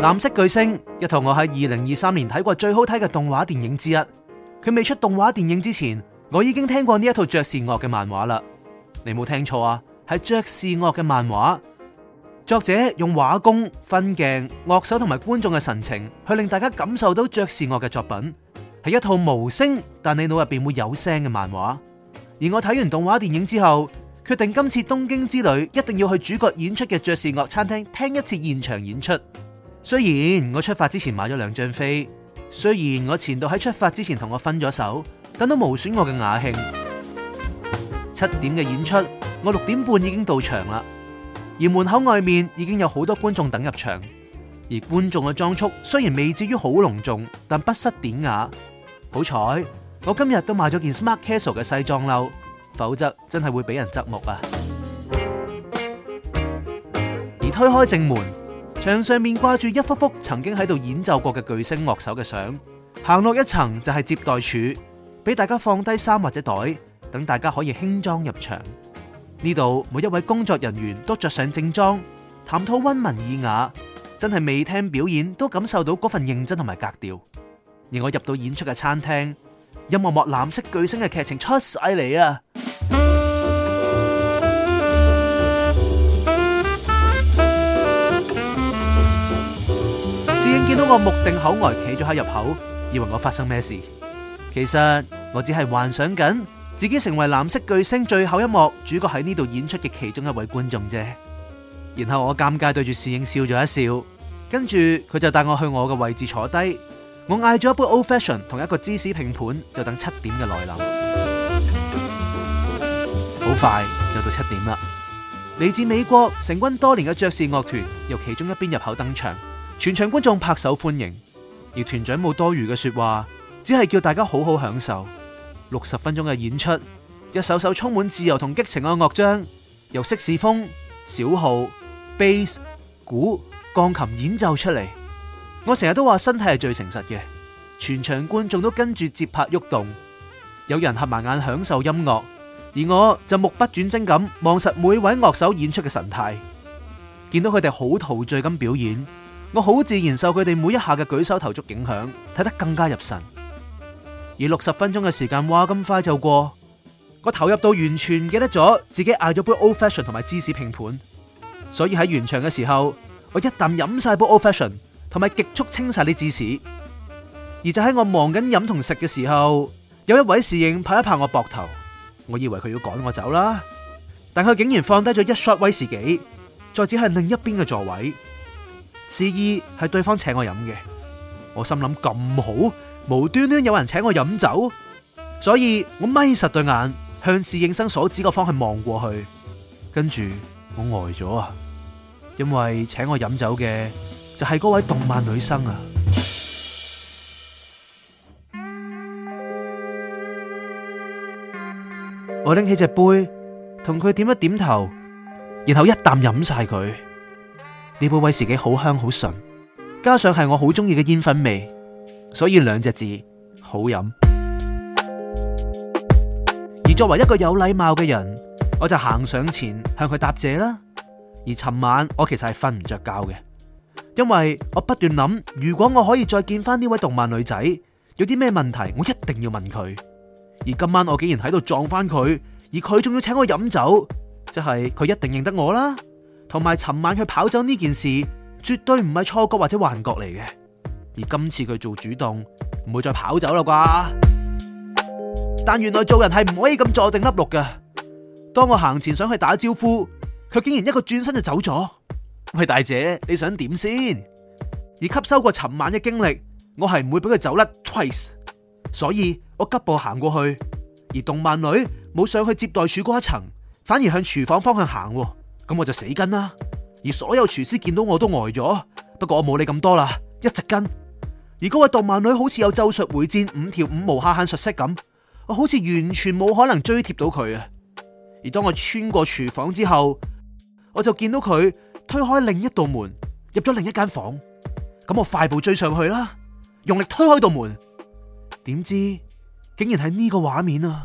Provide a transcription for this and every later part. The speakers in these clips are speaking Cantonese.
藍色巨星，一套我喺二零二三年睇過最好睇嘅動畫電影之一。佢未出動畫電影之前，我已經聽過呢一套爵士樂嘅漫畫啦。你冇聽錯啊，係爵士樂嘅漫畫。作者用畫功、分鏡、樂手同埋觀眾嘅神情去令大家感受到爵士樂嘅作品，係一套無聲但你腦入邊會有聲嘅漫畫。而我睇完動畫電影之後，決定今次東京之旅一定要去主角演出嘅爵士樂餐廳聽一次現場演出。雖然我出發之前買咗兩張飛，雖然我前度喺出發之前同我分咗手，但都無損我嘅雅興。七點嘅演出，我六點半已經到場啦。而門口外面已經有好多觀眾等入場，而觀眾嘅裝束雖然未至於好隆重，但不失典雅。好彩我今日都買咗件 smart casual 嘅西裝褸，否則真係會俾人側目啊！而推開正門。牆上面掛住一幅幅曾經喺度演奏過嘅巨星樂手嘅相。行落一層就係接待處，俾大家放低衫或者袋，等大家可以輕裝入場。呢度每一位工作人員都着上正裝，談吐溫文爾雅，真係未聽表演都感受到嗰份認真同埋格調。而我入到演出嘅餐廳，一幕幕藍色巨星嘅劇情出晒嚟啊！當我目定口呆企咗喺入口，以為我發生咩事，其實我只係幻想緊自己成為藍色巨星最後一幕主角喺呢度演出嘅其中一位觀眾啫。然後我尷尬對住侍應笑咗一笑，跟住佢就帶我去我嘅位置坐低。我嗌咗一杯 Old Fashioned 同一個芝士拼盤，就等七點嘅來臨。好快就到七點啦！嚟自美國成軍多年嘅爵士樂團由其中一邊入口登場。全場觀眾拍手歡迎，而團長冇多餘嘅說話，只係叫大家好好享受六十分鐘嘅演出。一首首充滿自由同激情嘅樂章，由色士風、小號、bass、鼓、鋼琴演奏出嚟。我成日都話身體係最誠實嘅，全場觀眾都跟住節拍喐動，有人合埋眼享受音樂，而我就目不轉睛咁望實每位樂手演出嘅神態，見到佢哋好陶醉咁表演。我好自然受佢哋每一下嘅舉手投足影響，睇得更加入神。而六十分鐘嘅時間，話咁快就過，我投入到完全唔記得咗自己嗌咗杯 old fashion 同埋芝士拼盤。所以喺完場嘅時候，我一啖飲晒杯 old fashion，同埋極速清晒啲芝士。而就喺我忙緊飲同食嘅時候，有一位侍應拍一拍我膊頭，我以為佢要趕我走啦，但佢竟然放低咗一 shot 威士忌，再指喺另一邊嘅座位。示意係對方請我飲嘅，我心諗咁好，無端端有人請我飲酒，所以我咪實對眼，向侍應生所指個方向望過去，跟住我呆咗啊！因為請我飲酒嘅就係嗰位動漫女生啊！我拎起隻杯，同佢點一點頭，然後一啖飲晒佢。呢杯威士忌好香好醇，加上係我好中意嘅煙燻味，所以兩隻字好飲。而作為一個有禮貌嘅人，我就行上前向佢答謝啦。而尋晚我其實係瞓唔着覺嘅，因為我不斷諗，如果我可以再見翻呢位動漫女仔，有啲咩問題我一定要問佢。而今晚我竟然喺度撞翻佢，而佢仲要請我飲酒，即係佢一定認得我啦。同埋，尋晚佢跑走呢件事絕對唔係錯覺或者幻覺嚟嘅，而今次佢做主動，唔會再跑走啦啩？但原來做人係唔可以咁坐定粒六嘅。當我行前想去打招呼，佢竟然一個轉身就走咗。喂，大姐，你想點先？而吸收過尋晚嘅經歷，我係唔會俾佢走甩 twice，所以我急步行過去。而動漫女冇上去接待處嗰一層，反而向廚房方向行。咁我就死跟啦，而所有廚師見到我都呆咗。不過我冇理咁多啦，一直跟。而嗰位動漫女好似有咒術迴戰五條悟無下限術式咁，我好似完全冇可能追貼到佢啊！而當我穿過廚房之後，我就見到佢推開另一道門，入咗另一間房。咁我快步追上去啦，用力推開道門，點知竟然係呢個畫面啊！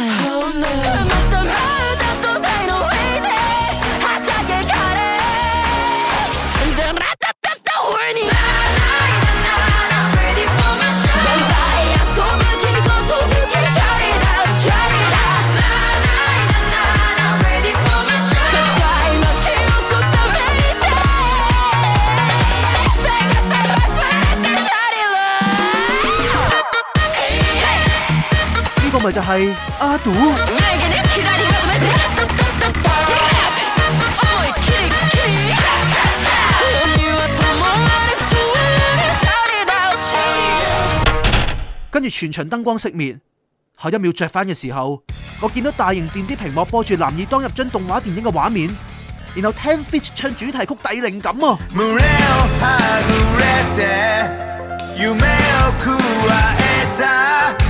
呢個咪就係 Ado？跟住全場燈光熄滅，下一秒着返嘅時候，我見到大型電子屏幕播住男兒當入樽動畫電影嘅畫面，然後 10-Feet 唱主題曲，第零感啊！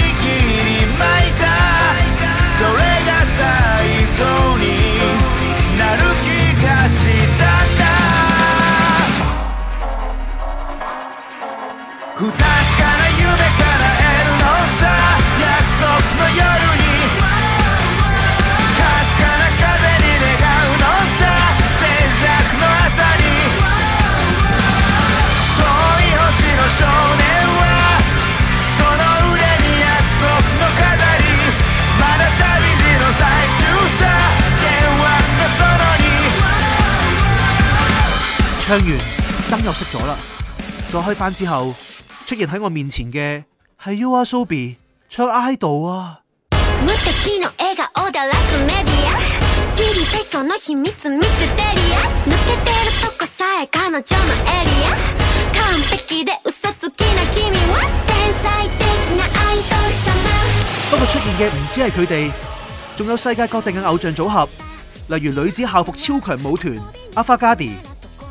唱完燈又熄咗啦，再開翻之後，出現喺我面前嘅係 Yoasobi 唱 Idol 啊。不過出現嘅唔止係佢哋，仲有世界各地嘅偶像組合，例如女子校服超強舞團 Avantgardey。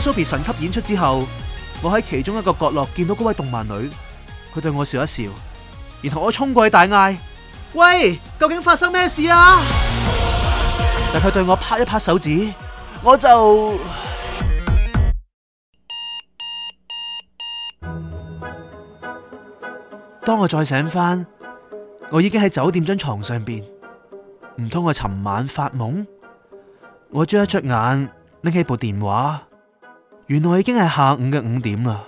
Yoasobi 神級演出之後，我喺其中一個角落見到嗰位動漫女，佢對我笑一笑，然後我衝過去大嗌：喂，究竟發生咩事啊！但佢對我拍一拍手指，我就……當我再醒返，我已經喺酒店張床上邊，唔通我尋晚發夢？我捽一捽眼，拎起部電話。原來已經係下午嘅五點啦，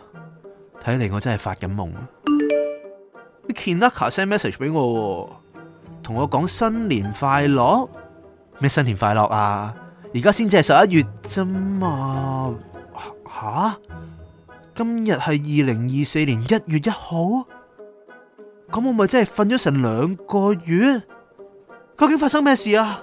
睇嚟我真係發緊夢啊。你 Kenaka send message 俾我，同我講新年快樂咩？新年快樂啊！而家先至係十一月啫嘛。吓？今日係二零二四年一月一號，咁我咪真係瞓咗成兩個月？究竟發生咩事啊？